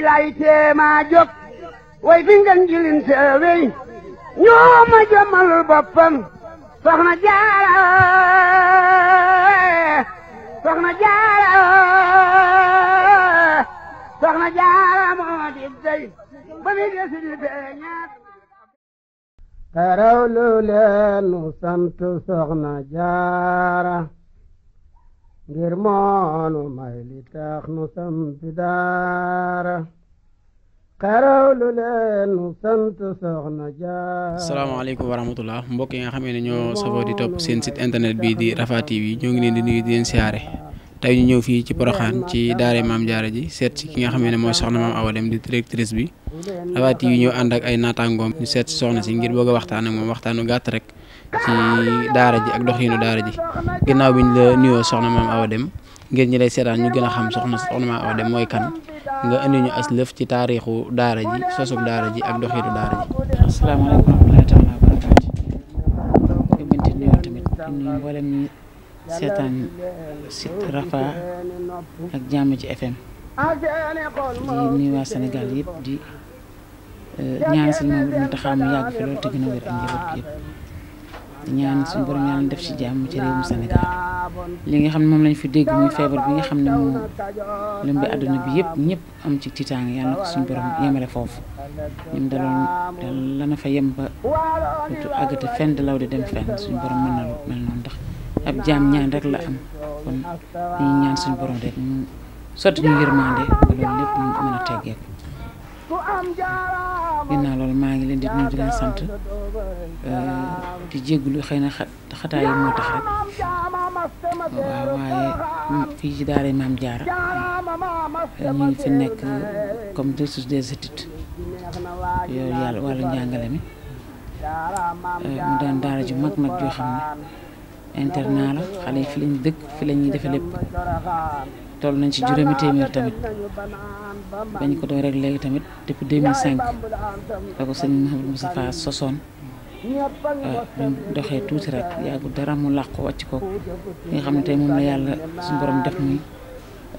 lay teema jóg way fi ngeen jilin seewey ma jëmalul boppam soxna soxna jaara soxna di dey ba mi desil beeñaat tarawlu leenu sant soxna jaara ngir moonu may li tax nu sampi daara xerawlu leen sant soxna jaar salaamaaleykum wa rahmatullah mbokk yi nga xamee ne ñoo safoo di topp seen site internet bi di Rafah TV ñoo ngi leen di nuyu di leen siyaare tey ñu ñëw fii ci Poroxaan ci daare maam jaare ji seet ci ki nga xamee ne mooy soxna maam Awa Dem di directrice bi Tapha TV ñëw ànd ak ay naataangoom ñu seet si soxna si ngir bëgg a moom waxtaanu gàtt rek ci daara ji ak doxinu daara ji ginaaw bi ñu la nuyoo soxna maam Awa Deme ngir ñi lay seetaan ñu gën xam soxna soxna maam Awa Deme mooy kan nga indi ñu as ci taarixu daara ji sosub daara ji ak doxinu daara ji. asalaamaaleykum wa rahmatulah wa barakaatu. yóbbante ak Jamm ji FM di nuyu waa di. ñaan suñu moom mu taxaw mu yàgg fi loolu te gën a wér ak def ci jàmm ci réewum Sénégal li nga xam ne moom lañu fi dégg muy feebar bi nga xam ne moom lëm bi àdduna bi yëpp ñëpp am ci tiitaange yàlla na ko suñu borom yemale foofu ñoom daloon dal lana fa yem ba dootu àggate fenn di law dem fenn suñu borom mën na lu mel noonu ndax ab jaam ñaan rek la am kon ñu ñaan suñu borom rek mu sotti ñu yërmande ba loolu lépp ñu mën a teggeeku ginnaaw loolu maa ngi leen di nuyu di sant euh, di jégglu xëy na xataay yi moo tax rek waaye fii ci daara maam jaara euh, ñu ngi fi nekk comme directrice des études yooyu yàlla wàllu njàngale mi euh, mu doon daara ju mag nag joo xam ne internat xale yi fi lañ dëkk fi la ñuy defe lépp toll nañ ci juróomi téeméer tamit bañ ko door rek léegi tamit depuis 2005 la ko sëñ Mouhamadou Moustapha sosoon ah, ñu doxee tuuti rek yàggu dara mu làqu wàcc ko li nga xam ne tey moom la yàlla suñu borom def muy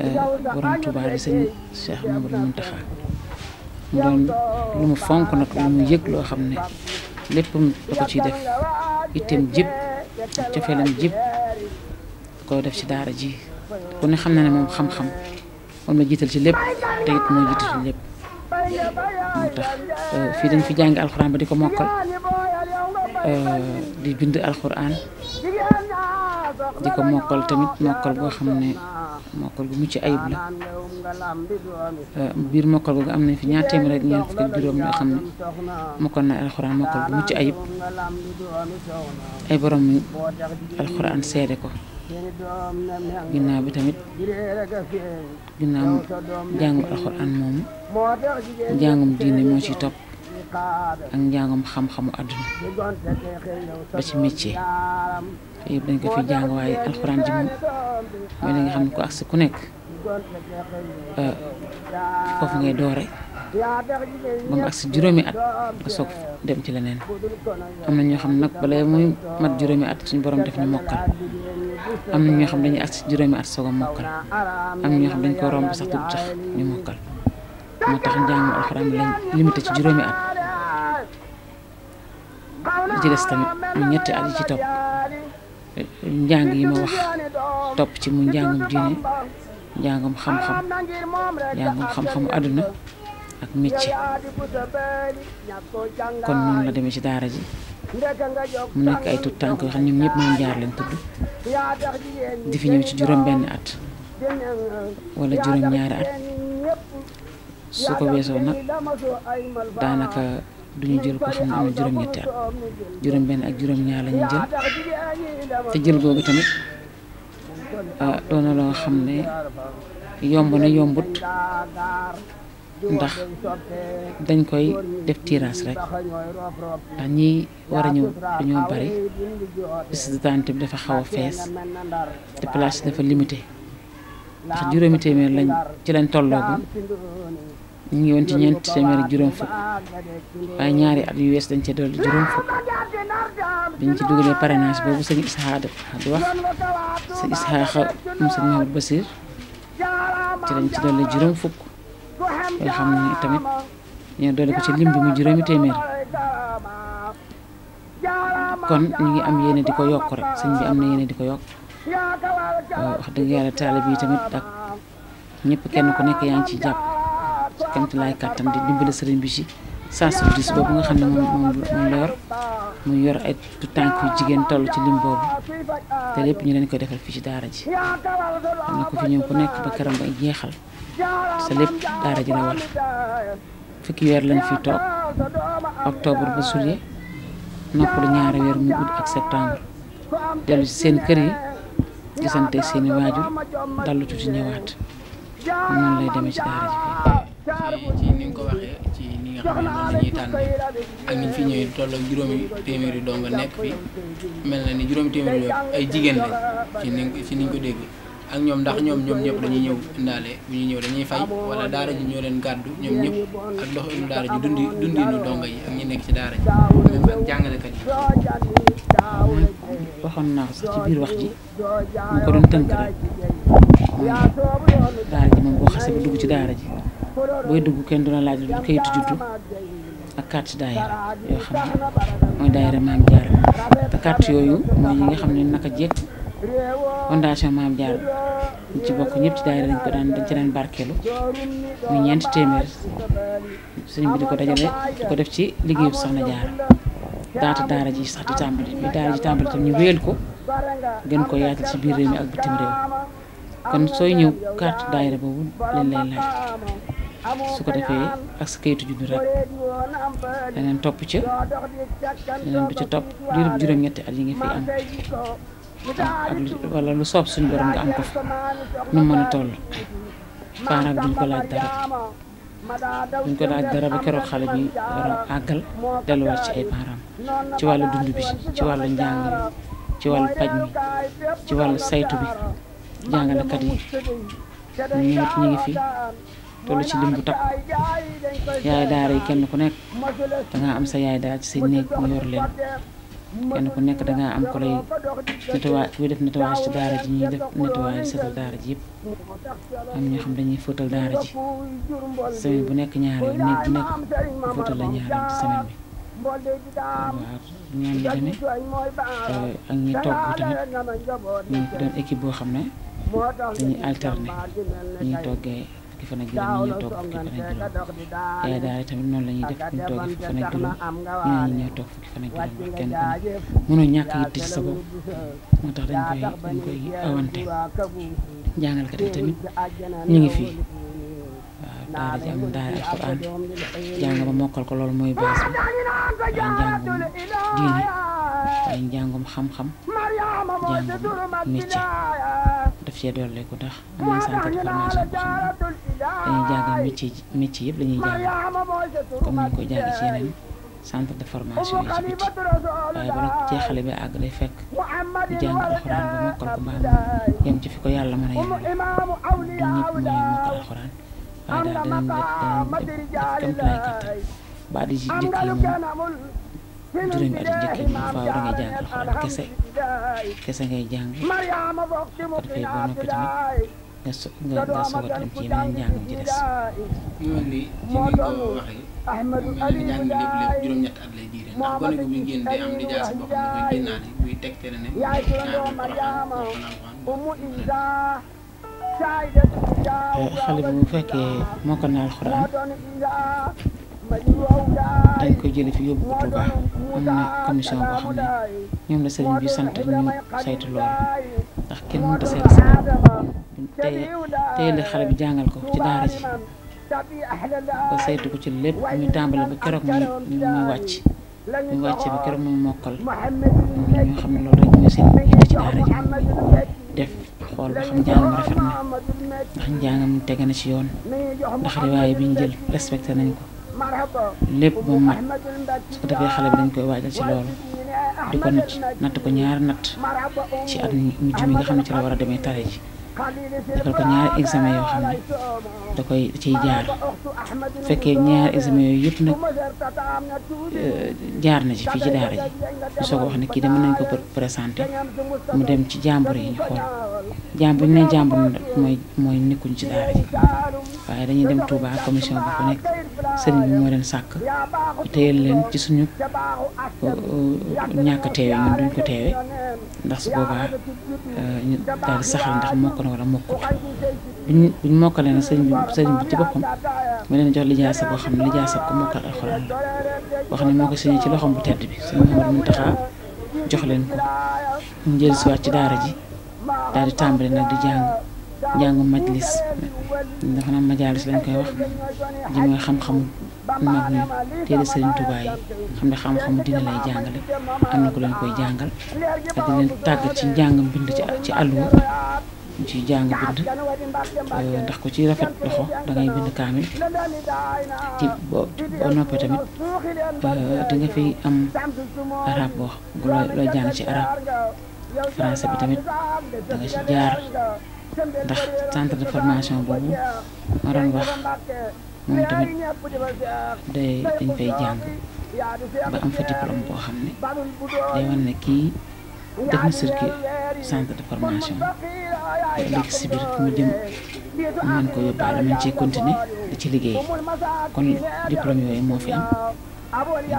eh, borom Touba bi sëñ Cheikh Mamadou Mountakha mu doon lu mu fonk nag lu mu yëg loo xam ne léppam da ko ciy def itam jib cofeelam jib ko def ci daara ji ku ne xam na ne moom xam-xam moom la jiital ci lépp te it moo jiital ci lépp moo tax euh, fii dañ fi jàngi alxuraan ba di ko mokkal euh, di bind alxuraan di ko mokkal tamit mokkal boo xam ne mokkal bu mucc ayib la euh, biir mokkal fi ñaar téeméer ak ñeent fukk ak alxuraan mokkal ko. ginnaaw bi tamit ginnaaw njàngu alxuraan moomu njàngum diine moo ci topp ak njàngum xam-xamu àdduna ba ci métier te yëpp dañ ko fi jàng waaye alxuraan ji moom mooy li xam ne ko ak ku nekk euh, foofu ngay doore ba mu agsi juróomi at nga soog dem ci leneen am na ñoo xam nag balay muy mat juróomi at suñu boroom def ñu mokkal am na ñoo xam dañuy agsi juróomi at soog mokkal am xam dañ ko romb sax du tax ñu mokkal moo tax alxuraan lañ ci juróomi at li ci des tamit mu ñetti at yi ci topp njàng yi ma wax topp ci mu njàngum diine njàngum xam-xam xam-xamu àdduna ak métier kon noonu la demee ci daara ji mu nekk ay tut tànk yoo xam ñoom ñëpp maam jaar leen tudd di fi ñëw ci juróom benn at wala juróom ñaari at su ko weesoo nag daanaka duñu jël ko xam ne am na juróom ñaar la jël te jël googu tamit ah, doona loo xam ne yomb na yombut ndax dañ koy def tirage rek ndax ñi war a ñëw dañoo bari bis d'attente bi dafa xaw a fees te place dafa limité ndax juróomi téeméer lañ ci lañ tolloogu ñu ngi woon ci ñeenti téeméer ak juróom fukk waaye ñaari at yu wees dañ ci dolli ci dugalee parrainage boobu sëñ Isaaxa lañ ci dolli juróom fukk loolu xam ne tamit ñu doole ko ci lim bi mu juróomi téeméer kon ñu ngi am yéene di ko yokk rek sëñ bi am na yéene di ko yokk wax dëgg yàlla taale bi tamit ak ñëpp kenn ku nekk yaa ngi ci jàpp ci kamt laay kàttan di dimbale sëriñ bi ci sensibiliser boobu nga xam ne moom moom la mu yor ay tànk yu jigéen toll ci lim boobu te lépp ñu leen koy defal fii ci daara ji am na ku fi ñëw ku nekk ba këram ba jeexal sa lépp daara ji la war fukki weer lañ fi toog octobre ba juillet lu ñaari weer mu août ak septembre dellu ci seen kër yi gisante seeni waajur dallu tuuti ñëwaat lay demee xam ne moom la tànn ak niñ fi ñëwee tolloog juróomi téeméeri donga nekk fi mel na ni juróomi téeméeri yooyu ay jigéen lañ ci niñ ci niñ ko dégg ak ñoom ndax ñoom ñoom ñëpp dañuy ñëw indaale bu ñuy ñëw dañuy fay wala daara ji ñoo leen gàddu ñoom ñëpp ak doxinu daara ji dundi dundinu donga yi ak ñi nekk ci daara ji même ak jàngalekat yi. ko sax mu ko doon tënk rek daara ji moom boo xasee ba dugg ci daara ji. booy dugg kenn du la laaj lu kayitu juddu ak carte daayira yoo xam ne mooy daayira maam jaar te carte yooyu mooy yi nga xam ne naka jekk fondation ci bokk ñëpp ci daayira dañ ko daan dañ ci daan barkeelu muy ñeenti téeméer sëñ bi di ko dajale di ko def ci liggéeyu soxna jaar daata daara ji sax di tàmbali bi daara ji tàmbali tam ñu wéyal ko gën ko yaatal ci biir réew mi ak bitim réew kon sooy ñëw carte daayira boobu leen lay laaj su ko defee ak sa kayitu juddu rek leneen topp ci leneen du ci topp diirub juróom-ñetti at yi nga fi am wala lu soob suñu borom nga am ko fa nu mën a toll bi duñ ko laaj dara duñ ko laaj dara ba keroog xale bi war a àggal delluwaat ci ay param ci wàllu dund bi ci wàllu njàng ci wàllu paj mi ci wàllu saytu bi jàngalekat yi ñu ngi fi toll ci lim bu takk yaay daara yi kenn ku nekk danga am sa yaay daara ci sa néeg mu yor leen kenn ku nekk dangaa am ko lay nettoyage kuy def nettoyage ci daara ji ñuy def nettoyage setal dañuy fóotal daara ji semaine bu nekk ñaari yoon nekk fóotal la ñaari yoon waaw ñooñu tamit ak ñi togg tamit ñu ngi doon équipe boo xam ne dañuy alterner ñuy toggee. fukki fan ak juróom ñi ñëw toog fukki fan ak juróom yaay daara tamit noonu la ñuy def bu ñu toogee fukki fan ak juróom ñeneen ñi ñëw toog fukki fan ak juróom kenn ku ne mënoo ñàkk yitte ci sa bopp moo tax dañ koy dañ koy awante jàngalkat yi tamit ñu ngi fii waaw daara jàng daara alxuraan jàng ba mokkal ko loolu mooy base bi waaw jàng diine ay njàngum xam-xam njàngum métier daf cee dolleeku ndax am centre de formation boo xam ne dañuy jàngal métier métier yëpp la ñuy comme ni ñu koy jàngi ci yeneen centre de formation yi ci biti waaye ba nag ci fi ko yàlla mën a yemale du ñëpp mooy mokkal alxuraan waaye daal danañ danañ def kéem jëkk yi moom. juróomi at njëkk yi moom faaw da jàng alxuraan kese kese jàng ko defee ba noppi tamit nga so nga nga soog a ci yeneen njàng ci des. ñu ko waxee moom mel ni njàng mi xale bi bu fekkee alxuraan dañ koy jële fi yóbbu ko Touba am na commission boo xam ne ñoom la sëriñ bi sant ñu saytu loolu ndax kenn mënut a seet si tey teyale xale bi jàngal ko ci daara ji ba saytu ko ci lépp ñu tàmbale ba keroog muy muy wàcc muy wàcce ba keroog muy mokkal ñoo xam ne loolu rek ñu seen yitte ci daara ji def xool ba xam njàngam rafet na ndax njàngam tege na ci yoon ndax riwaaye bi jël respecté nañ ko lépp mu mat su ko defee xale bi dañ koy waajal ci loolu di ko natt natt ko ñaari natt ci at mujj mi nga xam ne ci la war a demee tare ji defal ko ñaari examen yoo xam ne da koy ci ciy jaar fekkee ñaari examen yooyu yëpp nag eh, jaar na ci fii ci daara ji ñu soog wax ne kii de nañ ko présenté mu dem ci jàmbur yi ñu xool jàmbur ne jàmbur mooy mooy ci daara ji waaye dañuy dem Touba commission bu fa nekk sëriñ bi moo leen sàkk téyel leen ci suñu eh, ñàkk a teewe ñun duñ ko teewe ndax su boobaa eh, daal saxal ndax mokk na wala mokkul biñ biñ mokkalee ne sëriñ bi sëriñ bi ci boppam mu leen jox lijaasa boo xam ne lijaasa ko mokkal alxuraan la wax ne moo ko signé ci loxoom bu tedd bi sëriñ Mouhamadou Mountakha jox leen ko ñu jël si waat ci daara ji daal di tàmbali nag di jàng jàngu majlis dafa naan majalis lañ koy wax ji mooy xam-xamu mag ñi téere sëriñ Tuubaa yi xam ne xam-xamu dina lay jàngale am na ku leen koy jàngal ak di leen tàggat ci njàngam bind ci ci àlluwa ci ciy jàng bind euh, ndax ko ci rafet loxo da bind kaamil ci boo boo tamit euh, di fi am arab boo looy jàng ci arab français bi tamit da ci jaar ndax centre de formation boobu ma doon wax moom tamit day dañ fay jàng ba am fa diplôme boo xam ne day ne kii def na circuit centre de formation ak léegi si biir fi jëm mu mën ko yóbbaale mën cee continuer di ci liggéey kon diplôme yooyu moo fi am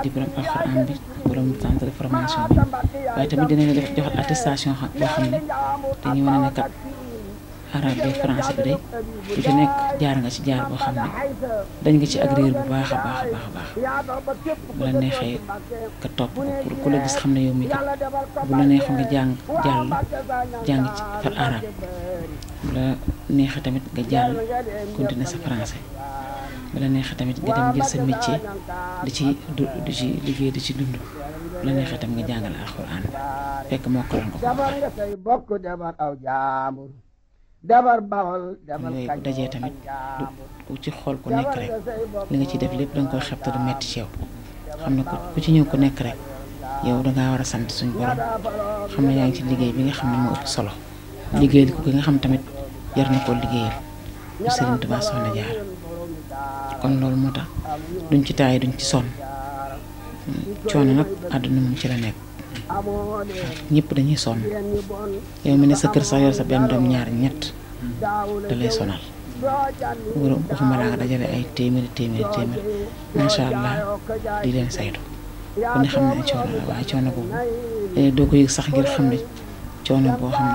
diplôme alxuraan bi borom centre de formation bi waaye tamit dinañ la def joxal attestation boo xam ne dañuy wane ne kat. arabe bi français bi day lu ci nekk jaar nga ci jaar boo xam ne dañ nga ci ak bu baax a baax a baax baax bu neexee nga topp pour ku la gis xam ne yow mi kat bu la neexee nga jàng jàll jàng ci far arabe neexee tamit nga jàll continuer sa français bu la neexee tamit nga dem jël sa métier di ci di ci liggéey di ci dund bu neexee tam nga jàngal alxuraan fekk moo ko nga ko léegi bu dajee tamit du ci xool ku nekk rek li nga ci def lépp danga koy xeeb te du metti ci yow xam ne ku ci ñëw ku nekk rek yow dangaa war a sant suñu borom xam ne yaa ngi ci liggéey bi nga xam ne moo ëpp solo liggéeyal ko ki nga xam tamit yar na ko liggéeyal bu Serigne Touba Soxna Jaara kon loolu moo tax duñ ci taay duñ ci sonn hmm, coono nag àdduna mu ci la nekk. ñëpp dañuy sonn yow mi ne sa kër sax yor sa benn doom ñaar ñett da sonal wóorom nga dajale ay téeméeri téeméeri téeméer macha allah di leen saytu ku ne xam eh, ne coono ko yëg boo xam ne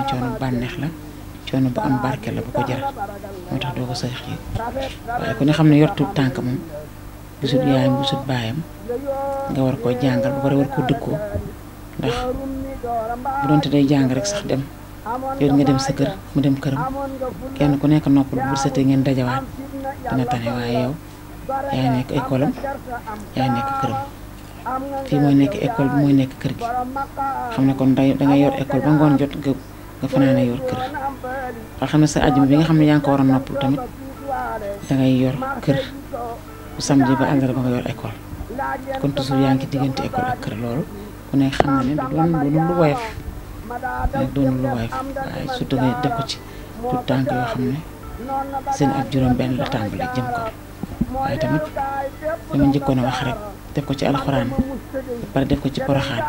coono bànneex la coono bu am barke la bu ko jaral moo tax doo ko sax yëg waaye ku ne xam ne yortu tànk moom gisut yaayam gisut baayam nga war koo jàngal ba pare war koo dëkkoo ndax bu doonte day jàng rek sax dem yow nga dem sa kër mu dem këram kenn ku nekk noppal bu setee ngeen dajawaat dina tane waaye yow yaa nekk école am yaa nekk këram fii nekk école bi mooy nekk kër gi xam ne kon da nga yor école ba ngoon jot nga nga fanaane yor kër xam ne sa àjjuma bi nga xam ne yaa ngi ko war a noppal tamit dangay yor kër bu samedi ba àllarba nga yor école kon toujours yaa ngi diggante école ak kër loolu. ne xam ne du doon lu lu woyof ne doon lu woyof waaye surtout ngay def ko ci du tànk yoo xam ne seen ak juróom-benn la tàmbali jëm ko waaye tamit dama njëkkoon a wax rek def ko ci alxuraan ba pare def ko ci poroxaan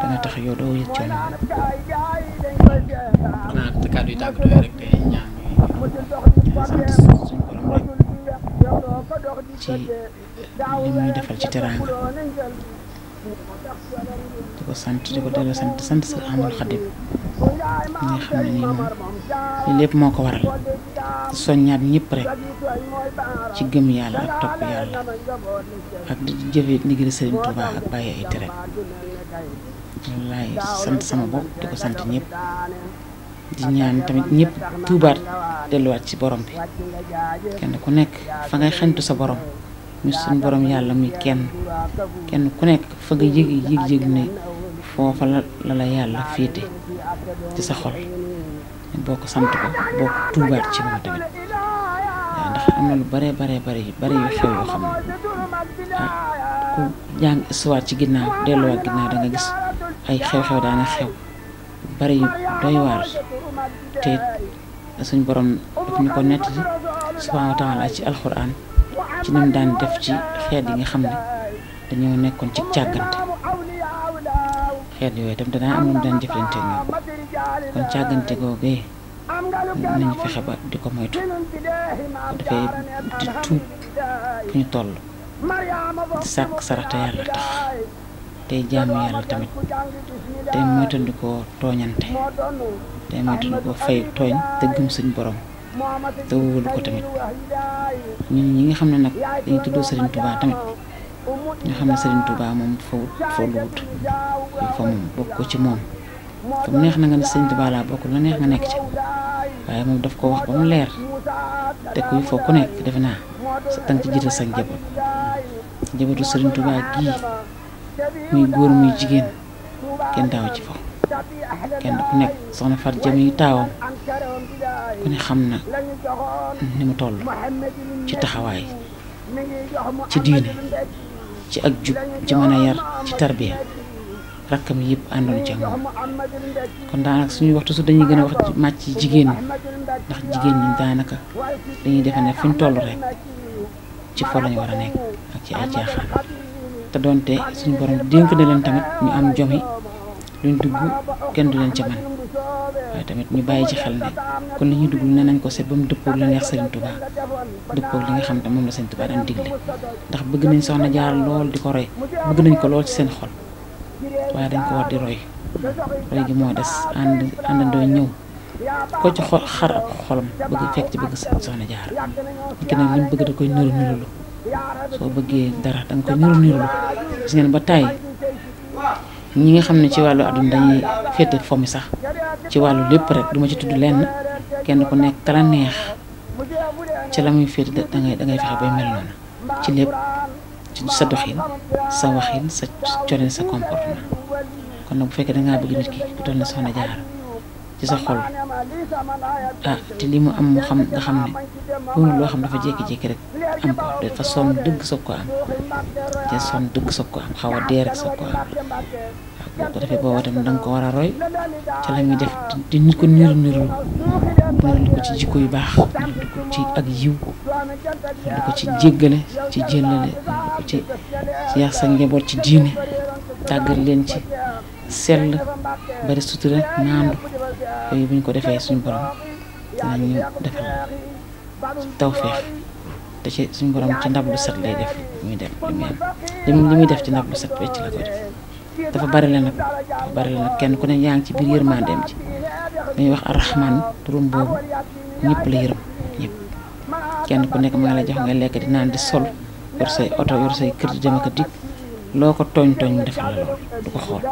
dana tax yow doo yëg coono xanaa yi ci li ñuy defal ci teraanga di ko sant di ko delloo sant sant sa Ahmadul Xadim mi nga xam ne nii moom lii lépp moo ko waral di soññaat ñépp rek ci gëm yàlla ak topp yàlla ak di jëfee ndigal Sëriñ Tuuba ay tere wallaay sant sama bopp di ko sant ñëpp tamit ñëpp tuubaat delluwaat ci borom bi kenn ku nekk fa ngay xentu sa borom muy suñ boroom yàlla mi kenn kenn ku nekk fa nga yëg yëg ne foofa la la la yàlla féete ci sa xol boo ko sant ko boo ko tuubaat ci moom tamit waaw ndax am na lu bare bare bare bare yu xew yoo xam ne ah, ku jàng histoire ci ginnaaw delluwaat ginnaaw da nga gis ay xew-xew daana xew bare yu doy te suñ borom daf ñu ko nettali subhaanahu wa taala ci alxuraan ci ni daan def ci xeet yi nga xam ne dañoo nekkoon ci càggante xeet yooyu tam danaa am mu daan jëflante ñoom kon càggante googee nañu fexe ba di ko moytu dafay di tuub fu ñu toll di sàkk saraxte yàlla tax tey jaamu yàlla tamit tey ko tooñante tey moytandikoo fay tooñ te gëm suñ borom te wóolu ko tamit ñu ñi nga xam ne nag dañu tuddoo Serigne Touba tamit ñu xam ne Serigne Touba moom foo foo luwut fa moom bokk ko ci moom neex na nga ne Serigne Touba laa bokk lu neex nga nekk ci waaye moom daf ko wax ba leer te kuy foo ku defe naa sa tànk ci jiital sa njaboot njabootu Serigne Touba gii muy góor muy jigéen kenn daaw ci fo kenn ku nekk soxna Fatou Jami taawam. ku ne xam na ni mu toll ci taxawaay ci diine ci ak jub ci mën a yar ci tarbiya rakkam yëpp àndoon ci moom kon daanaka suñu waxtu su dañuy gën a wax màcc ci jigéen ndax jigéen ñi daanaka dañuy defe ne fi ñu toll rek ci fo lañu war a nekk ak ci ay caaxaan te doonte suñu borom dénk de leen tamit ñu am jomi luñ dugg kenn du leen ca man waaye tamit ñu bàyyi ci xel ne kon li ñuy dugg ne nañ ko seet ba mu dëppoog la neex Serigne Touba dëppoog li nga xam ne moom la Serigne Touba daan digle ndax bëgg nañ soxna jaar lool di ko roy bëgg nañ ko lool ci seen xol waaye dañ ko war di roy roy gi moo des ànd àndandoo ñëw ko ci xol xar ak xolam bëgg fekk ci bëgg soxna jaar ki nag li mu bëgg da koy nëru nërulu soo bëggee dara danga koy nëru nërulu gis ngeen ba tàyyi ñi nga xam ne ci wàllu àdduna dañuy féete fo mi sax ci wàllu lépp rek duma ci tudd lenn kenn ku nekk kala neex ci la muy féet da ngay da ngay fexe bay mel noonu ci lépp ci sa doxin sa waxin sa comportement kon nag bu fekkee dangaa bëgg nit ki ku toll na soxna jaar ci sa xol ah te li mu am xam nga xam ne loolu loo xam dafa jékki-jékki rek am ko dafa sonn dëgg soog ko am te sonn dëgg soog ko xaw a dee rek soog ko am waaw boo ko defee booba tamit da ko war a roy ca la def te ñu ko niru niru niru ko ci jikko yu baax niru ko ci ak yiw niru ko ci jéggale ci jëllale niru ko ci yar sa njaboot ci diine tàggat leen ci. sell bari sutura naandu yooyu bu ñu ko defee suñu borom dinañu defal tawféex suñu borom ci ndab lu set lay def muy def li muy def ci ndab lu set wecc la ko def dafa bari la nag dafa kenn ku ne yaa ngi ci biir yërmandeem ci dañuy wax arrahman turum boobu ñëpp la yërëm ñëpp kenn ku nekk maa la jox nga lekk di naan di sol yor say oto yor say kër di dem ak dikk loo ko tooñ tooñ mu defal la lool du ko xool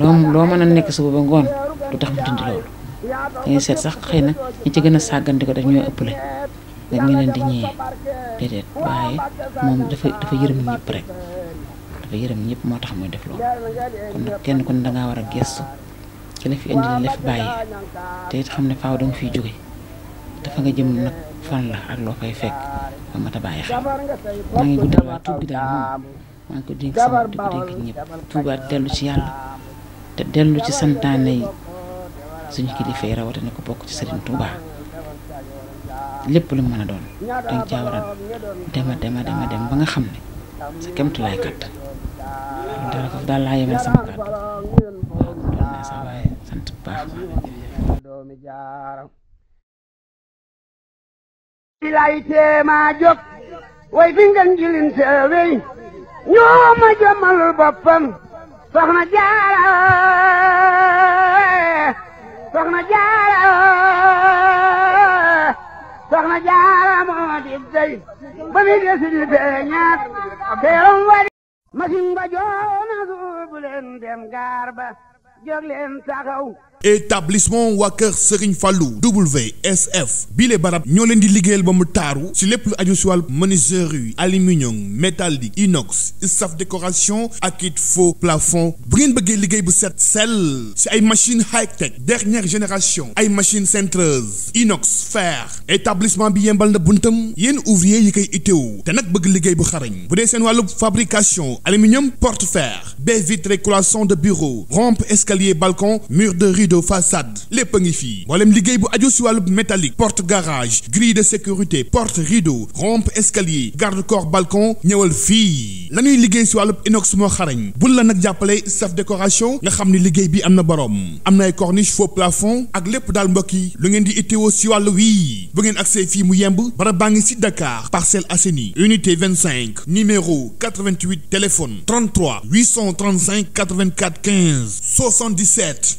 waaw loo mën a nekk suba ba ngoon du tax mu dindi loolu dañuy seet sax xëy na ñi ci gën a sàggan di ko def ñooy ëppale nga ñu leen di ñëwee déedéet waaye moom dafa dafa yërëm ñëpp rek dafa ñëpp moo tax muy def loolu kon nag kenn ku ne dangaa war a gestu ki fi indi la fi bàyyi te xam ne faaw danga fi jóge dafa nga jëm nag fan la ak loo fay fekk ma mat a bàyyi xel maa ngi guddal waa tuub gi daal moom maa ngi ko dénk sama di ko dénk ñëpp tuubaat dellu ci yàlla te dellu ci santaane yi suñu kilifa yi rawatina ko bokk ci Serigne Touba lépp lu mën a doon danga caa dema dema dema dem ba nga xam ne sa kemtulaay kàttan daal foofu daal laa yemal sama kàddu doon naa sax waaye sant bu baax ilay teemaa jóg way fi ngeen jilin seewey ñoo ma boppam soxna jaara soxna jaara soxna jaara moo di dey ba mi desul feeñaat teeram wari masin ba joona suubu leen dem gaar ba jóg leen taxaw établissement waa kër Serigne Fallou WSF bii le barab ñoo leen di liggéeyal ba mu taaru ci lépp lu aju si wàllu menuiserie aluminium métallique inox staff décoration ak it faux plafond bu ngeen bëggee liggéey bu set sell si ay machine high tech dernière génération ay machine centreuse inox fer établissement bi yembal na buntam yéen ouvrier yi koy itteewu te nag bëgg liggéey bu xarañ bu dee seen wàllu fabrication aluminium porte fer baie vitrée de rideau façade lépp a ngi fii mboolem liggéey bu aju si wàllu métallique porte garage grille de sécurité porte rideau rampe escalier garde corps balcon ñëwal fii lañuy liggéey si wàllu inox moo xarañ bul la nag jàppale saf décoration nga xam ni liggéey bi am na borom am na ay corniche faux plafond ak lépp daal mbokk yi lu ngeen di itteewoo si wàllu wii bu ngeen accès fii mu yemb barab baa ngi si Dakar Parcelles Assainies unité 25 numéro 88 téléphone 33 835 84 15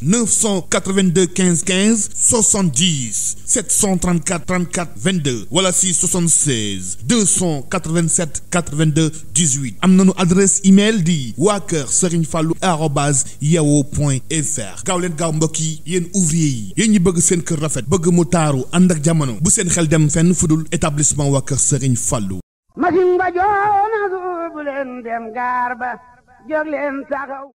882 15 15 70 734 34 22 wala si 76 287 82 18 am nañu adresse email di waa kër Serigne Fallou arobase yahoo point fr gaaw leen gaaw mbokk yi yéen ouvrier yi yéen ñi bëgg seen kër rafet bëgg mu taaru ànd ak jamono bu seen xel dem fenn fudul établissement waa kër Serigne Fallou. masin ba joona suubu leen dem gaar ba jóg taxaw